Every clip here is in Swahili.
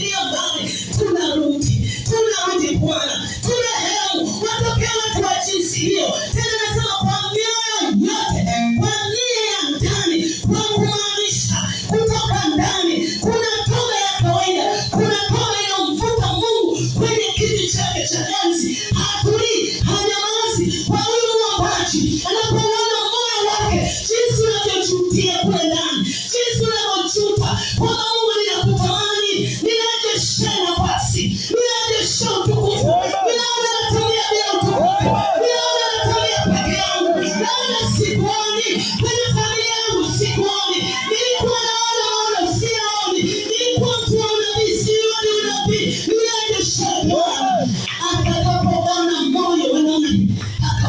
pia Bwana tunarudi, tunarudi Bwana, tuna heu watokea watu wa jinsi hiyo tena, nasema kwa mioyo yote, kwa nia ya ndani, kwa kumaanisha kutoka ndani. Kuna toba ya kawaida, kuna toba inayomvuta Mungu kwenye kiti chake cha enzi. Hatulii, hanyamazi kwa huyu mwombaji anapoona moyo wake jinsi unavyochukia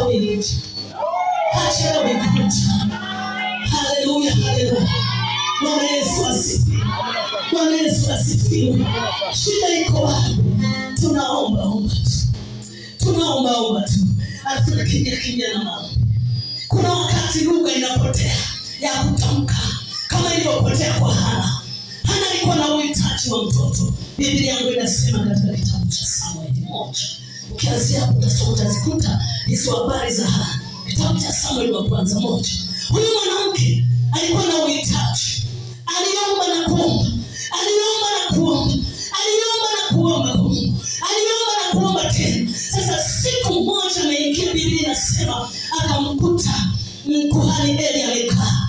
umenita, hata umekuta. Haleluya, haleluya. Bwana Yesu asifiwe. Bwana Yesu asifiwe. Shida iko wapi? Tunaomba omba tu, tunaomba omba tu, alafu nakimbia kimbia na maombi. Kuna wakati lugha inapotea ya kutamka, kama ilivyopotea kwa Hana. Hana alikuwa na uhitaji wa mtoto. Biblia yangu inasema katika Ukianzia hapo utasoma utazikuta hizo habari za kitabu cha Samueli wa kwanza moja. Huyu mwanamke alikuwa na uhitaji, aliomba na kuomba, aliomba na kuomba, aliomba na kuomba kwa Mungu, aliomba na kuomba tena. Sasa siku moja ameingia, Biblia inasema akamkuta mkuhani Eli amekaa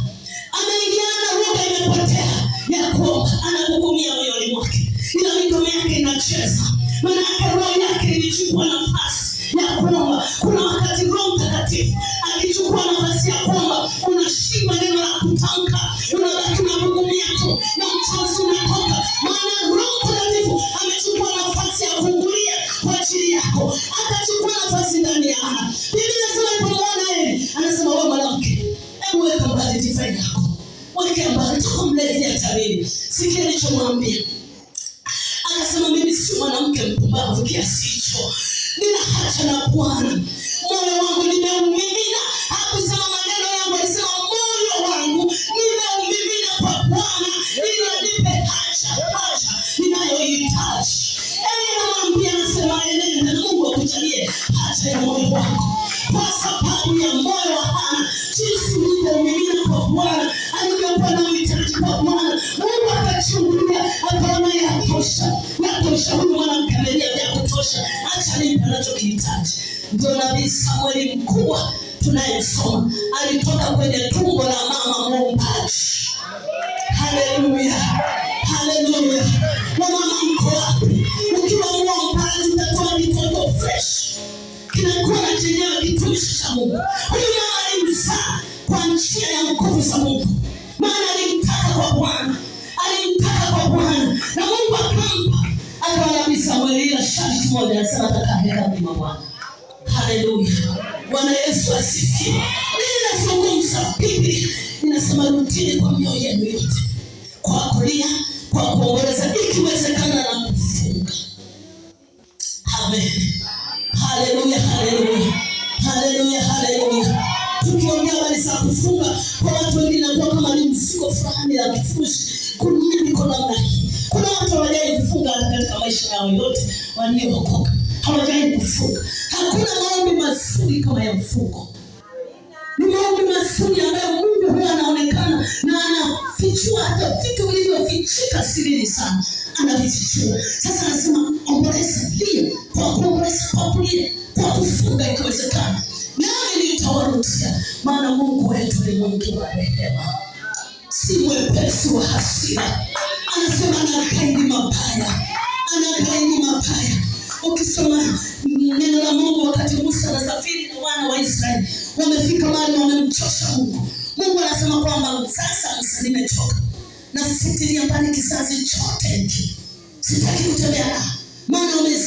ameingia na lugha imepotea ya kuomba, anakuku akichukua nafasi ya kuomba, kuna wakati Roho Mtakatifu akichukua nafasi ya kuomba, unashiba neno la kutamka, unabaki na mugumia tu na mchozi unatoka, maana Roho Mtakatifu amechukua nafasi ya kuungulia kwa ajili yako, akachukua nafasi ndani ya Hana. Biblia inasema ipomwona Eli anasema, wewe mwanamke, hebu weka mbali divai yako, weke mbali, toka mlezi hatarini. Sikia nilichomwambia mwanamke mpumbavu kiasi hicho? Nina hata na Bwana, moyo wangu nimeumimina. akusema maneno yangu, alisema moyo wangu nimeumimina kwa Bwana ili anipe hacha, hacha ninayohitaji. Ee Namwambia, nasema enenda na Mungu akujalie hacha ya moyo wako, kwa sababu ya moyo wa Hana, jinsi ulivyoumimina kwa Bwana alivyokuwa na uhitaji kwa Bwana. kumshauri mwana mkamilia vya kutosha, acha nipe anachokihitaji. Ndio nabii Samueli mkubwa tunayesoma alitoka kwenye tumbo la mama muumbaji. Haleluya, haleluya! Wamama mko wapi? Ukiwa muombaji utatoa mitoto fresh, kinakuwa na chenyewe kitumishi cha Mungu. Huyu mama alimzaa kwa njia ya nguvu za Mungu, maana alimtaka kwa Bwana. moja anasema atakaweka huduma Bwana. Haleluya, Bwana Yesu asifiwe. Mimi nazungumza pipi. inasema rutini kwa mioyo yenu yote, kwa kulia, kwa kuomboleza, ikiwezekana na kufunga. Amen, haleluya, haleluya, haleluya, haleluya. Tukiongea habari za kufunga, kwa watu wengine inakuwa kama ni mzigo fulani ya kifushi, kunia niko namna hii kuna watu hawajai kufunga hata katika maisha yao yote, waliookoka hawajai kufunga. Hakuna maombi mazuri kama ya mfungo. Ni maombi mazuri ambayo Mungu huwa anaonekana na anafichua hata vitu vilivyofichika sirini sana, anavifichua. Sasa anasema ombolesa, lia kwa kuombolesa, kwa kulia, kwa kufunga ikiwezekana, nami nitawarudia, maana Mungu wetu ni Mungu wa rehema, si mwepesi wa hasira anasema anakaidi mabaya, anakaidi mabaya. Ukisoma neno la Mungu, wakati Musa anasafiri na wana wa Israeli, wamefika mahali wamemchosha Mungu. Mungu anasema kwamba sasa, Musa, nimechoka, nafutilia mbali kizazi chote hiki, sitaki kutembea nao, maana